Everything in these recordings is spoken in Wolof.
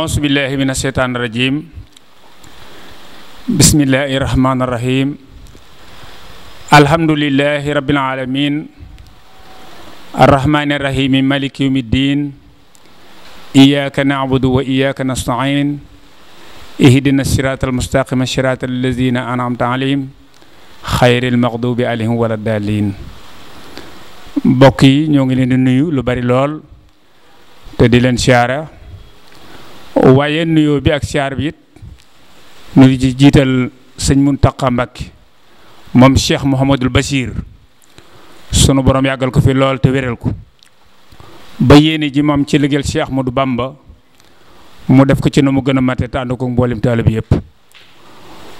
أعوذ بالله من الشيطان الرجيم بسم الله الرحمن الرحيم الحمد لله رب العالمين الرحمن الرحيم مالك يوم الدين إياك نعبد وإياك نستعين اهدنا الصراط المستقيم صراط الذين أنعمت عليهم خير المغضوب عليهم ولا الضالين بوكي ñoo ngi leen di nuyu lu bari lool te waaye nuyoo bi ak siyaar bi it ñu ngi ci jiital sëñ Muntaqa Mbakke moom Cheikh Mouhamadul Bachir sunu borom yàggal ko fi lool te wéral ko ba yéene ji moom ci liggéeyal Cheikh du bàmba mu def ko ci nu mu gën a mate te ànd ko bi yëpp.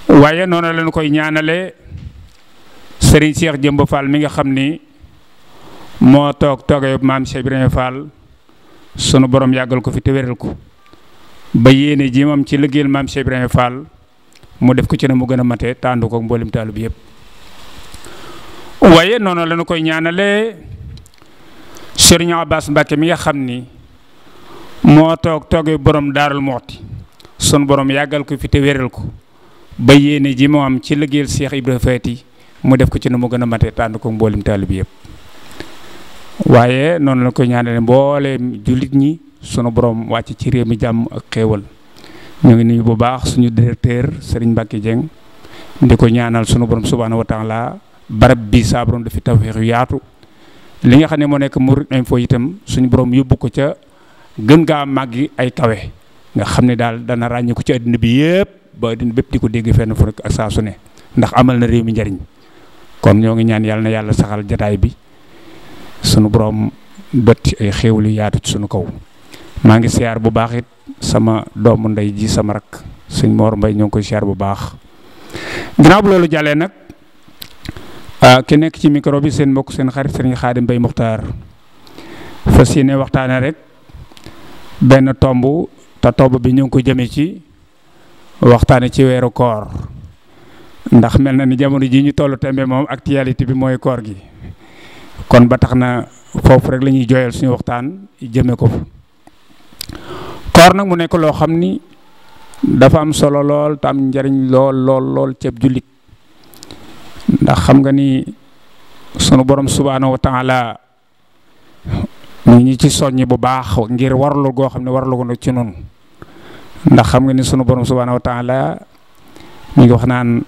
waaye noonu lañ koy ñaanale Serigne Cheikh Jëmb Fall mi nga xam ni moo toog toogee maam Cheikh Ibrahima sunu borom yàggal ko fi te wéral ko. ba yéene ji moom ci liggéeyal maam Cheikh Ibrahima mu def ko ci na mu gën a matee tàndu ko mboolem taalu bi yëpp waaye noonu la ñu koy ñaanalee Serigne Abbas Mbacke mi nga xam ni moo toog toogee boroom daaral moxti sun boroom yàggal ko fi te wéral ko ba yéene ji moo am ci liggéeyal Cheikh Ibrahima Faty mu def ko ci na mu gën a matee tàndu ko mboolem taalu bi yëpp waaye noonu la koy ñaanalee mbooleem jullit ñi. sunu borom wacc ci réew mi jàmm ak xéewal ñu ngi nuyu bu baax suñu directeur Serigne Mbacke Dieng di ko ñaanal sunu borom subhanahu wa taala barab bi saa borom dafi tawfeex yu yaatu li nga xam ne moo nekk Mourides Info itam suñu borom yóbbu ko ca gën gaa màggi ay kawe nga xam ne daal dana ràññi ko ci àddina bi yépp ba àddina bépp di ko dégg fenn fu rek ak saa su ne ndax amal na réew mi njariñ kon ñoo ngi ñaan yàlla na yàlla saxal jataay bi sunu borom bëtt ay xéewlu yaatu ci sunu kaw maa ngi siyaar bu baax it sama doomu nday ji sama rak suñ Mor Mbay ñoo ngi koy siyaar bu baax ginnaaw bu loolu jàllee nag ki nekk ci micro bi seen mbokk seen xarit sëriñ Xaadim bay Muxtaar fas yéene waxtaane rek benn tomb te tomb bi ñu ngi jëme ci waxtaane ci weeru koor ndax mel na ni jamono ji ñu tollu tembe moom actualité bi mooy koor gi kon ba tax na foofu rek la ñuy jooyal suñu waxtaan jëme ko fa war nag mu nekk loo xam ni dafa am solo lool tam am njariñ lool lool lool ceeb jullit ndax xam nga ni sunu borom subhaanahu wa taala mu ngi ci soññ bu baax ngir warlu goo xam ne warlu ko ci noonu ndax xam nga ni sunu borom subhaanahu wa taala mi ngi wax naan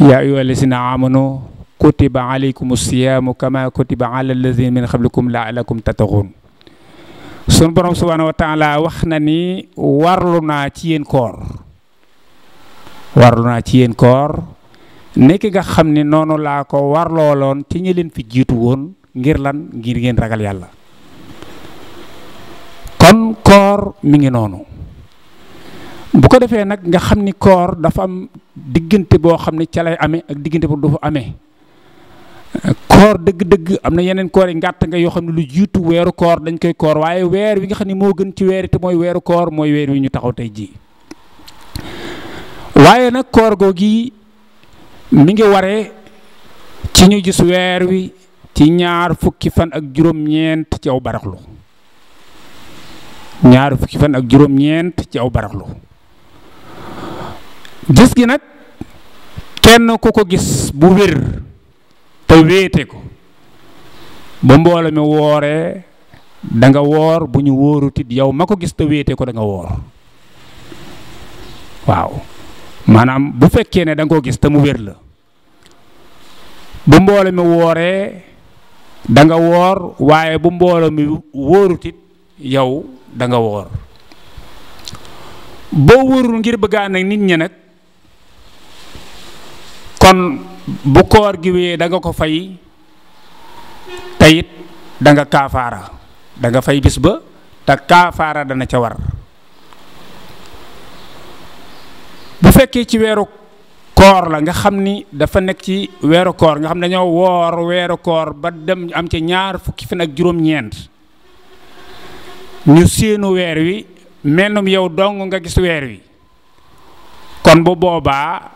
yaa ayyuhal lazina amanu kutiba alaykumus siyaamu kama kutiba ala allazina min qablikum la'allakum tattaqun sunu borom subhaanahu wa laa wax na ni warlu naa ci yéen koor warlu naa ci yéen koor nekk nga xam ni noonu laa ko warlooloon ci ñi leen fi jiitu woon ngir lan ngir ngeen ragal yàlla kon koor mi ngi noonu bu ko defee nag nga xam ni koor dafa am diggante boo xam ni ca lay amee ak diggante bu du fa amee koor dëgg-dëgg am na yeneen koor yi ngàtt nga yoo xam ne lu jiitu weeru koor dañ koy koor waaye weer wi nga xam ne moo gën ci weer te mooy weeru koor mooy weer wi ñu taxaw tey ji waaye nag koor googi mu ngi waree ci ñu gis weer wi ci ñaar fukki fan ak juróom-ñeent ci ñaar fukki fan ak juróom-ñeent ci aw baraxlu gis gi nag kenn ku ko gis bu wér te wéete ko bu mboole mi wooree danga woor bu ñu wóorutit yow ma ko gis te wéete ko danga nga woor waaw maanaam bu fekkee ne danga ko gis te mu wér la bu mboole mi wooree danga nga woor waaye bu mboole mi wóorutit yow danga nga woor boo wóorul ngir bëgg a ànd nit ñi nag kon bu koor gi wee da nga ko fay tayit da nga kaafaara da nga fay bis ba te kaafaara dana ca war bu fekkee ci weeru koor la nga xam ni dafa nekk ci weeru koor nga xam dañoo woor weeru koor ba dem am ca ñaar fukki fi ak juróom-ñeent ñu seenu weer wi melnum yow dong nga gis weer wi kon bu boobaa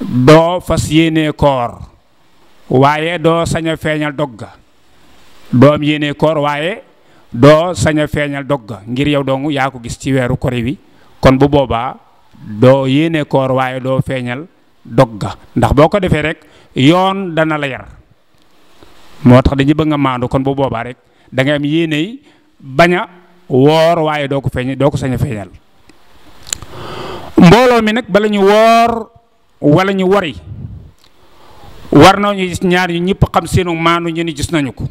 do fas yene koor waaye do saña feñal dogga dom yene kor koor do doo sañ dogga ngir yow dong yaa ko gis ci weeru kori wi kon bu boobaa do yene koor waaye do feñal dogga ndax boo ko defee rek yoon dana la yar moo tax dañu bëgg maandu kon bu boobaa rek da ngay am yene baña a woor waaye ko feeñ do ko saña feñal mi nag bala ñu wala ñu wari war nañu gis ñaar ñu ñëpp xam seenu maandu ñu ni gis nañu ko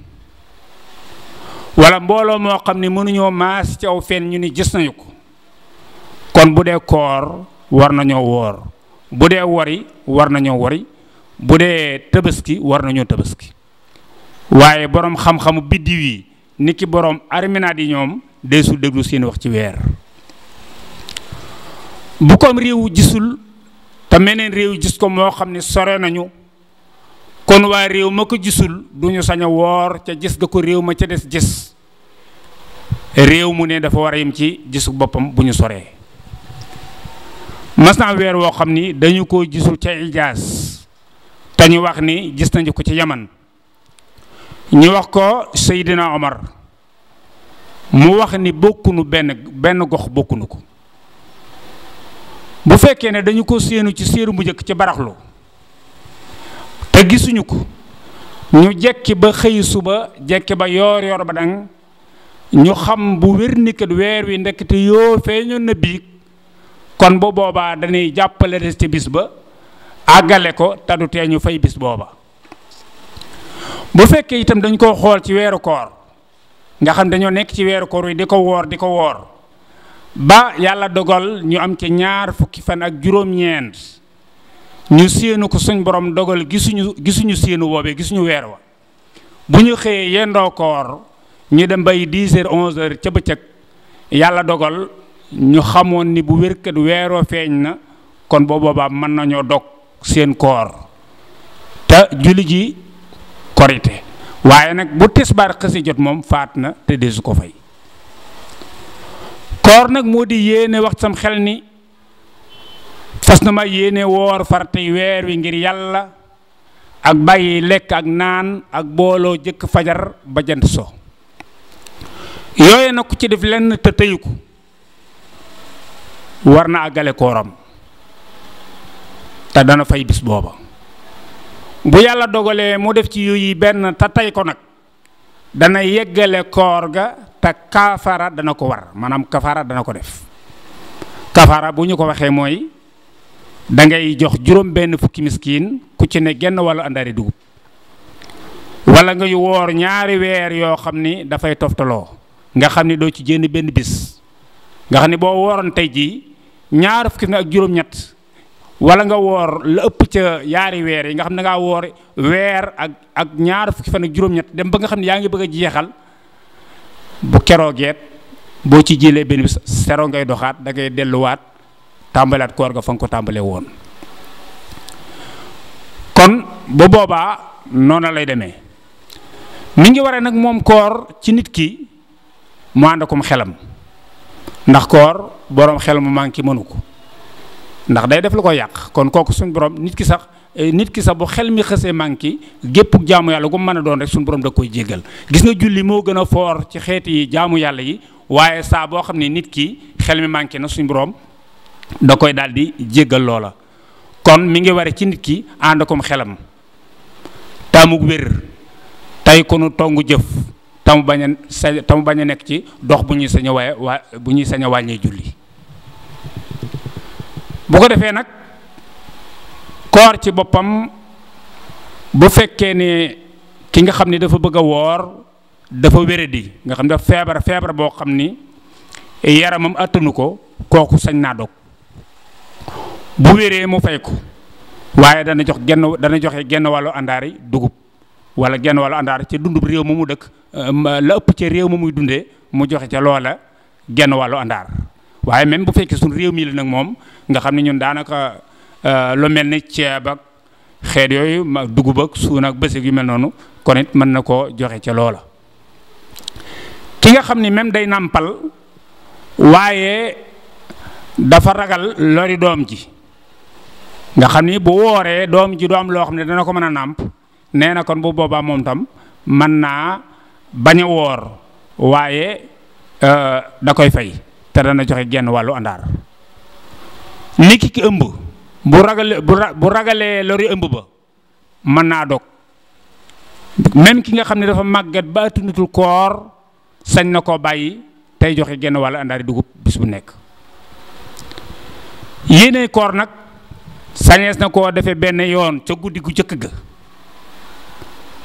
wala mbooloo moo xam ne mënuñoo maas ci aw fen ñu ni gis nañu ko kon bu dee koor war nañoo woor bu dee wori war nañoo wari bu dee tabaski war nañoo tabaski waaye boroom xam-xamu biddiw yi nit ki boroom arminaat yi ñoom deesul déglu seen wax ci weer bu comme réew gisul te meneen réew gis ko moo xam ne sore nañu kon waa réew ma ko gisul duñu ñu saña woor ca gis ga ko réew ma ca des gis réew mu ne dafa war a yem ci gisu boppam bu ñu soree mas weer woo xam ni dañu ko gisul ca Ijaas te ñu wax ni gis nañu ko ci Yaman ñu wax ko Seydina Omar mu wax ni bokkunu benn benn gox bokkunu ko bu fekkee ne dañu ko seenu ci séeru bu njëkk ci baraxlu te gisuñu ko ñu jekki ba xëy suba jekki ba yoor yor ba dang ñu xam bu wér ni kat weer wi ndekete yoo feeñoon na biig kon bu boobaa dañuy jàppale des ci bis ba àggale ko te du tee fay bis booba bu fekkee itam dañ ko xool ci weeru koor nga xam dañoo nekk ci weeru koor wi di ko woor di ko woor ba yàlla dogal ñu am ca ñaar fukki fan ak juróom-ñeent ñu séenu ko suñ borom dogal gisuñu gisuñu seenu boobee gisuñu weer wa bu ñu xëyee yendoo koor ñu dem bay 10 heures 11 heures ca bëccëg yàlla dogal ñu xamoon ni bu wérkat weeroo feeñ na kon boo boobaa mën nañoo dog seen koor te julli ji korite waaye nag bu tisbaar xësi jot moom faat na te deesu ko fay koor nag moo di yéene wax sam xel ni fas na ma yéene woor faratay weer wi ngir yàlla ak bàyyi lekk ak naan ak booloo jëkk fajar ba jant so yooye nag ku ci def lenn te tëyu war na àggale kooram te dana fay bis booba bu yàlla dogalee mu def ci yu yi benn te tey ko nag dana yeggale koor ga te kaafara dana ko war maanaam kafara dana ko def kafaara bu ñu ko waxee mooy dangay jox juróom benn fukki miskin ku ci ne genn wala àndaari dugub wala nga yu woor ñaari weer yoo xam ni dafay toftaloo nga xam ni doo ci jénn benn bis nga xam ni boo wooroon tey jii ñaar fukki ak juróom-ñett wala nga wor la upp ci yaari wer yi nga xam nga wor wer ak ak ñaar fukki fane juroom ñet dem ba nga xam ne bëgg jéxal bu bu geet bo ci jëlee ben bis ngay doxaat da ngay delluwaat tambalat koor ga fa tambalé woon kon bu boba nona lay démé mi ngi waré nak mom koor ci nit ki mu ànd xelam ndax koor borom xel mu manqué ndax day def lako yak kon koku suñ borom nit ki sax eh, nit ki sax bu xel mi xësee manki gep jaamu yalla gu meuna don rek suñ borom da koy jegal gis nga julli mo gën for ci xeeti jaamu yi waye sa bo xamni nit ki xel mi manki na suñ borom da koy daldi jegal lola kon mi ngi ware ci nit ki ànd akum xelam tamu wer tay ko tongu jëf tamu baña tamu baña nek ci dox buñu ñuy sañ buñu julli bu ko defee nag koor ci boppam bu fekkee ne ki nga xam ni dafa bëgg a woor dafa wéradi nga xam ne dafa feebar feebar boo xam ni yaramam attanu ko kooku sañ naa dog bu wéree mu fay ko waaye dana jox genn dana joxe genn wàllu àndaari dugub wala genn wàllu àndaar ca dundub réew ma mu dëkk euh, la ëpp ca réew ma muy dundee mu joxe ca loola genn wàllu àndaar waaye même bu fekkee sun réew mi la nag moom nga xam ne ñun daanaka euh, lu mel ni ceeb ak xeet yooyu dugub ak suun ak bësig yu mel noonu kon it mën na koo joxe ca loola ki nga xam ni même day nàmpal waaye dafa ragal lori doom ji nga xam ni bu wooree doom ji du am loo xam ne dana ko mën a kon bu boobaa moom tam mën naa bañ a woor waaye euh, da koy fay te dana joxe genn wàllu àndaar niki ki ëmb bu ragale bu ragalee lori ëmb ba mën naa dog même ki nga xam ne dafa màgget ba attunatul koor sañ na koo bàyyi tey joxe genn wàllu àndaar dugub bis bu nekk yéene koor nag sañees na koo defe benn yoon ca guddi gu jëkk ga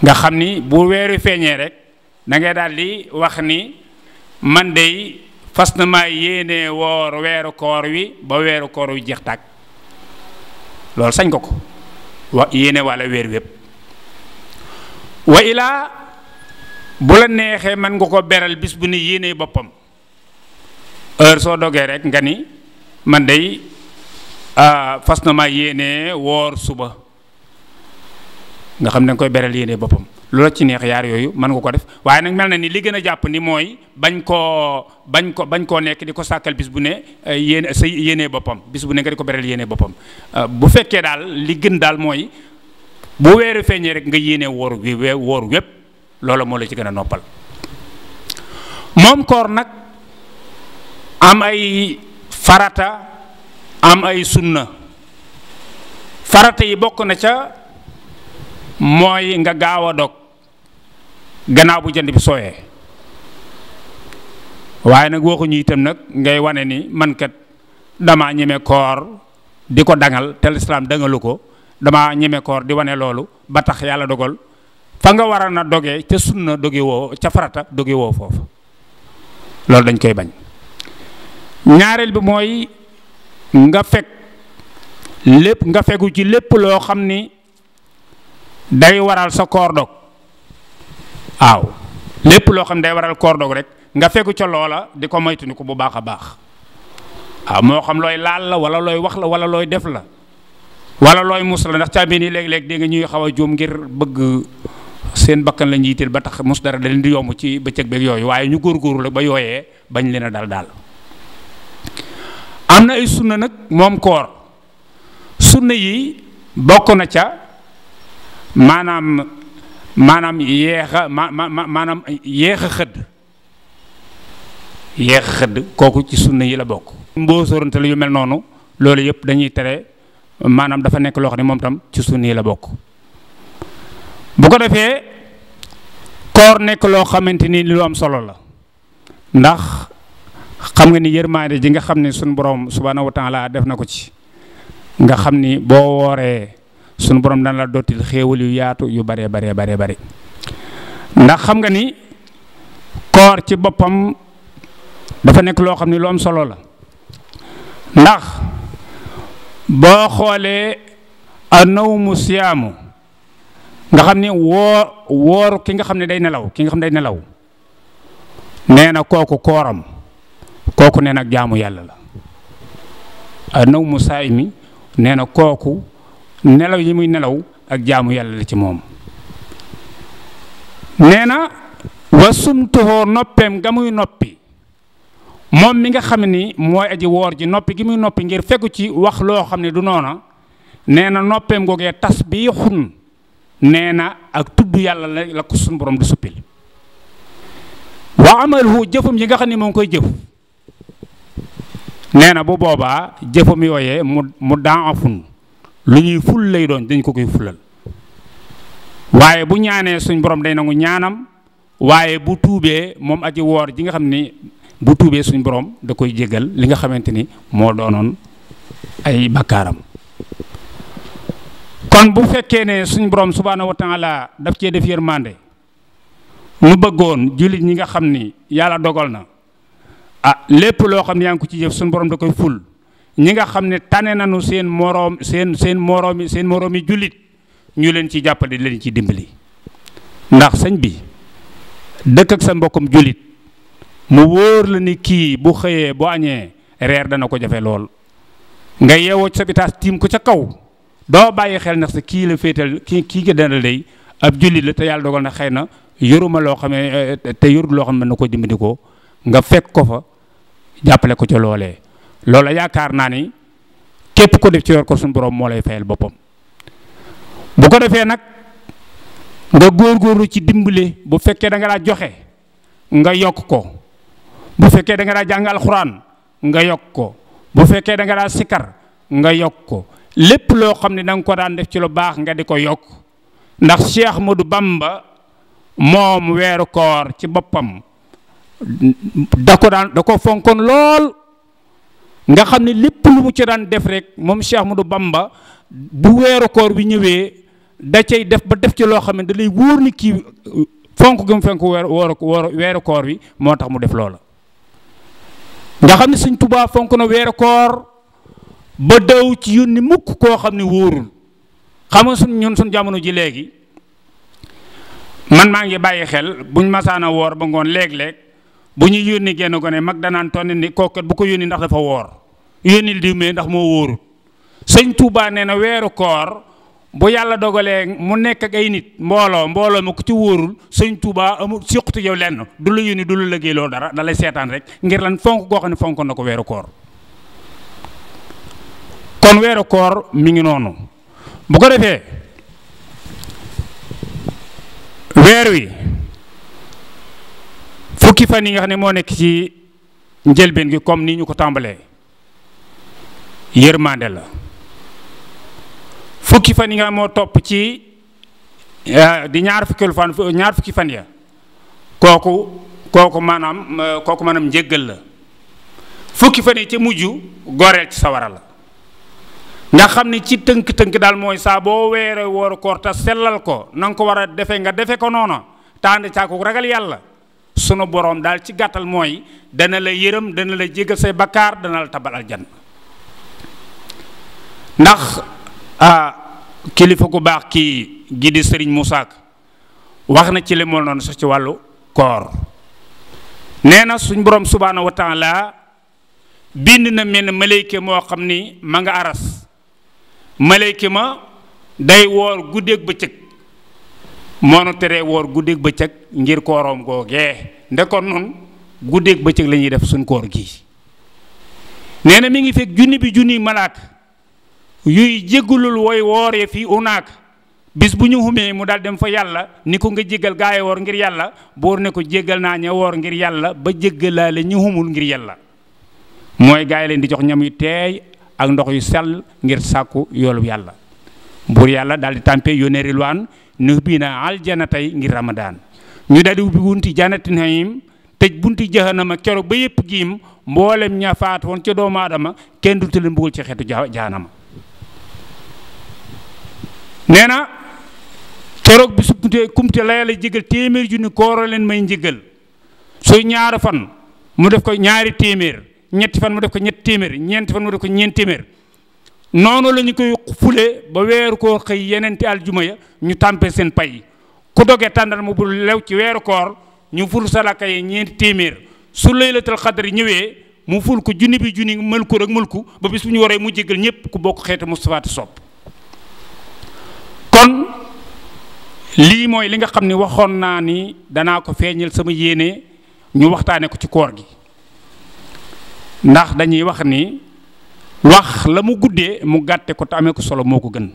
nga xam ni bu weeru feeñee rek da ngay wax ni man dey fas na maa yéene woor weeru koor wi ba weeru koor wi jeex tàkk loolu sañ ko ko wa yéene walla weer wépp wa ilaa bu la neexee mën nga ko beral bis bu ne yéene boppam heure soo dogee rek nga ni man day ah, fas na maa yéene woor suba nga xam ne nga koy beral yéene boppam loola ci neex yaar yooyu mën nga ko def waaye nag mel na ni li gën a jàpp ni mooy bañ koo bañ ko bañ koo nekk di ko sàkkal bis bu ne eh, yéen sa yéenee boppam bis bu ne nga di ko bereel yéenee boppam eh, bu fekkee daal li gën daal mooy bu weeru feeñee rek nga yéenee woor wi woor wépp loola moo la ci gën a noppal moom koor nag am ay farata am ay sunna farata yi bokk na ca mooy nga gaaw a dog gannaaw bu jënd bi sooyee waaye nag waxuñu itam nag ngay wane ni man kat damaa ñeme koor di ko dangal te lislaam dangalu ko damaa ñeme koor di wane loolu ba tax yàlla dogal fa nga war a na doge ca sunna doge woo ca doge woo foofu loolu dañ koy bañ ñaareel bi mooy nga fekk lépp nga fegu ci lépp loo xam ni day waral sa koor dog waaw lépp loo xam day waral koor dog rek nga fekk ca loola di ko moytuñu ko bu baax a baax waaw moo xam looy laal la wala looy wax la wala looy def la wala looy mus la ndax caabi nii léeg-léeg dégg nga ñuy xaw a juum ngir bëgg seen bakkan la njiitil ba tax mus dara da leen di yomb ci bëccëg beeg yooyu waaye ñu góorgóorlu la ba yooyee bañ leen a dal daal am na ay sunna nag moom koor sunna yi bokk na ca maanaam maanaam yéex a ma ma maanaam yéex a xëdd yéex xëdd kooku ci sunna yi la bokk. mboo sorante la yu mel noonu loolu yëpp dañuy tere maanaam dafa nekk loo xam ne moom tam ci sunna yi la bokk bu ko defee koor nekk loo xamante ni lu am solo la ndax xam nga ni yërmaande ji nga xam ne sunu borom subhaanahu wa taala def na ko ci nga xam ni boo wooree sunu borom dana la dottil xéewal yu yaatu yu bare bare bare bare ndax xam nga ni koor ci boppam dafa nekk loo xam ni lu am solo la ndax boo xoolee anawmu siyaamu nga xam ni woo wooru ki nga xam ne day nelaw ki nga xam ne day nelaw nee na kooku kooram kooku nee na jaamu yàlla la anawmu saayimi nee na kooku nelaw yi muy nelaw ak jaamu yàlla la ci moom nee na wa sumtuhoo noppeem nga muy noppi moom mi nga xam ni mooy aji woor ji noppi gi muy noppi ngir fekku ci wax loo xam ne du noona nee na noppeem googee tas bii xun nee na ak tudd yàlla la la ko suñu borom di suppil wa amaluhu jëfam yi nga xam ne moo ngi koy jëf nee na bu boobaa jëfam yooyee mu mu daa afun lu ñuy ful lay doon dañ ko koy fulal waaye bu ñaanee suñ borom day nangu ñaanam waaye bu tuubee moom aji woor ji nga xam ni bu tuubee suñ borom da koy jégal li nga xamante ni moo doonoon ay bakkaaram kon bu fekkee ne suñ borom subhaanahu wa taala daf cee def yërmande mu bëggoon jullit ñi nga xam ni yàlla dogal na ah lépp loo xam ne yaa ngi ko ci jëf suñ borom da koy ful ñi nga xam ne tane nañu seen moroom seen seen moroomi seen moroomi jullit ñu leen ci jàppale leen ci dimbali ndax sëñ bi dëkk ak sa mbokkum jullit mu wóor la ni kii bu xëyee bu añee reer dana ko jafe lool nga yeewoo ci sa bitaas tiim ko ca kaw doo bàyyi xel ndax sa kii la féetal kii kii nga dana day ab jullit la te yàlla dogal na xëy na yoruma loo xam ne eh, te yorut loo xam ne mën na ko dimbali ko nga fekk ko fa jàppale ko ca loolee lola yaakaar naa ni képp ko def ci yor ko suñu borom moo lay fayal boppam bu ko defee nag nga góorgóorlu ci dimbale bu fekkee da nga daa joxe nga yokk ko bu fekkee da nga jàng alxuraan nga yokk ko bu fekkee da nga sikar nga yokk ko lépp loo xam ne ko daan def ci lu baax nga di ko yokk ndax Cheikh Modou Bamba moom weeru koor ci boppam da ko daan da ko fonkoon nga xamni lepp lu mu ci daan def rek mom Cheikh Bamba bu weeru koor bi ñëwé da cey def ba def ci lo xamni da lay woor ni ki uh, fonk gum fonk weer woor woor weeru koor bi motax mu def loola nga xamni seigne touba fonk na weeru koor ba daw ci mukk ko xamni woorul xam sun ñun sun jamono ji léegi man ma ngi baye xel buñ masaana woor ba ngon bu ñuy yónni genn gone mag danaan tonni ni kookat bu ko yónni ndax dafa woor yónnil diw ndax moo wóorut sëñ tuubaa nee na weeru koor bu yàlla dogalee mu nekk ak ay nit mbooloo mbooloo ma ko ci wóorul sëñ Touba amul siqutu yow lenn du la yónni du la liggéey dara dalay seetaan rek ngir lan fonk goo xam ne fonk na ko weeru koor kon weeru koor mi ngi noonu bu ko defee weer wi fukki fan yi nga xam ne moo nekk ci njëlbeen gi comme ni ñu ko tàmbalee yërmande la fukki fan yi nga xam moo topp ci euh, di ñaar fukki fan ñaar fukki fan ya kooku kooku maanaam euh, kooku maanaam njëggal la fukki fan yi ci mujj goreel ci sawara la nga xam ni ci tënk-tënk daal mooy saa boo weere wooru koor sellal ko na ko war a defe nga defe ko noona tànd caaku ragal yàlla sunu boroom daal ci gàttal mooy dana la yërëm dana la jégal say bakkaar dana la tabal aljanna ndax a kilifa ku baax kii gii di sëriñ Moussa wax na ci li mu noonu ci wàllu koor nee na suñ boroom subhaanahu wa taala bind na mel ne malayka moo xam ni ma nga aras malayka ma day woor guddeeg bëccëg mono téré wor woor guddeeg ngir korom goge ndé kon non bëccëg la lañuy def sun kor gi néna mi ngi fek junni bi junni malak yuy jéggulul woy ye ya fi unak bis buñu humé mu dal dem fa yalla niko nga jéggal gaay wor ngir yalla bor ne ko jéggal naa ña wor ngir yalla ba jéggalaale ñu humul ngir yalla moy gaay leen di jox ñam yu teey ak ndox yu sel ngir sàkku yoolu yalla bur yalla dal di tampé yónnee rilwaan nu bii naa aljana tey ngir ramadaan ñu daldi ubbi wunti janati naim tëj bunti jahanama keroog ba yëpp giim mboolem ña faat woon ca doomu aadama kenn du tële mbugal ci xeetu jaanama nee na keroog bi sukkunte kumte la yàlla jégal téeméer junni kooro leen may njëgal su ñaari fan mu def ko ñaari téeméer ñetti fan mu def ko ñetti téeméer ñeenti fan mu ko ñeenti téeméer noonu la ñu koy fulee ba weeru koor xëy yeneenti aljuma ya ñu tàmpe seen pay ku doge tàndarma bu lew ci weeru koor ñu ful salaka yi ñeenti téeméer su laylatul xadar ñëwee mu ful ko junni bi junni mëlku rek mëlku ba bis bu ñu waree mu jégal ñépp ku bokk xeetu Moustapha te sopp kon lii mooy li nga xam ne waxoon naa ni danaa ko feeñal sama yéene ñu waxtaane ko ci koor gi ndax dañuy wax ni wax la mu mugate mu gàtte ko tamé ko solo moko gën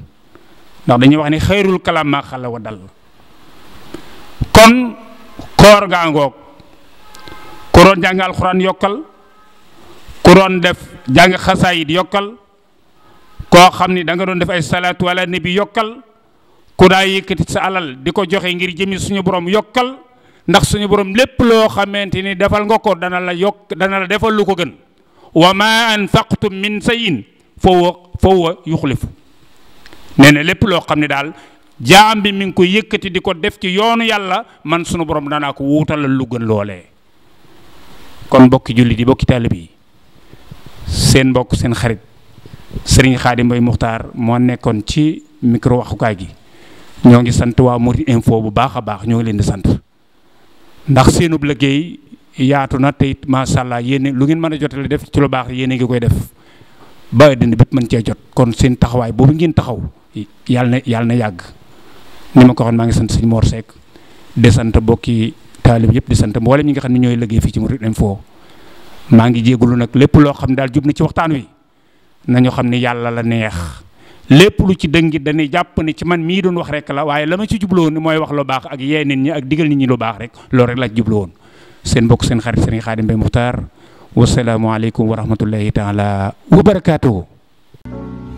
ndax dañuy wax ni khairul kalam ma khala wa dal kon koor ga ngok ku ron yokal, koron yokal ku ron def jang khasaid yokal, ko xamni da nga don def ay salatu ala nabi yokal ku da yekati sa alal diko joxe ngir jëmi suñu borom yokal ndax suñu borom lepp lo xamanteni defal nga ko dana la yok dana la defal lu ko gën wa ma anfaqtum min sayin fa huwa fa huwa yuxlifu nee lépp loo xam ne daal jaam bi mi ko yëkkati di ko def ci yoonu yàlla man sunu borom danaa ko wuutalal lu gën loolee kon mbokki jullit yi bokki taalib yi seen mbokk seen xarit sëriñ Xaadim Mbay Muxtaar moo nekkoon ci micro gi ñoo ngi sant waa Mourides info bu baax a baax ñoo ngi leen di sant ndax seenub liggéey yaatu na te it macha allah yéen lu ngeen mën a jot jotale def ci lu baax yéen a ngi koy def ba dindi bépp mën cee jot kon seen taxawaay boobu ngeen taxaw yàlla na yàlla na yàgg ni ma ko waxoon maa ngi sant sëñ Mor Seck di sant bokki taalib yëpp di sant mboolem ñi nga xam ne ñooy liggéey fii ci Mourides Info maa ngi jégalu nag lépp loo xam daal jub na ci waxtaan wi nañu xam ne yàlla la neex lépp lu ci dëngit dañuy jàpp ne ci man mii doon wax rek la waaye la ma ci jublu woon mooy wax lu baax ak yee nit ñi ak digal nit ñi lu baax rek loolu rek laa ci woon seen mbokk seen xarit Serigne Khadim Mbaye Moukhtar wasalaamualeykum wa rahmatullahi taala wa barakaatuhu